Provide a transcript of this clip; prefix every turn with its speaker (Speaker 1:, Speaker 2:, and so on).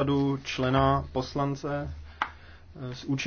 Speaker 1: úřadu člena poslance eh, s účinností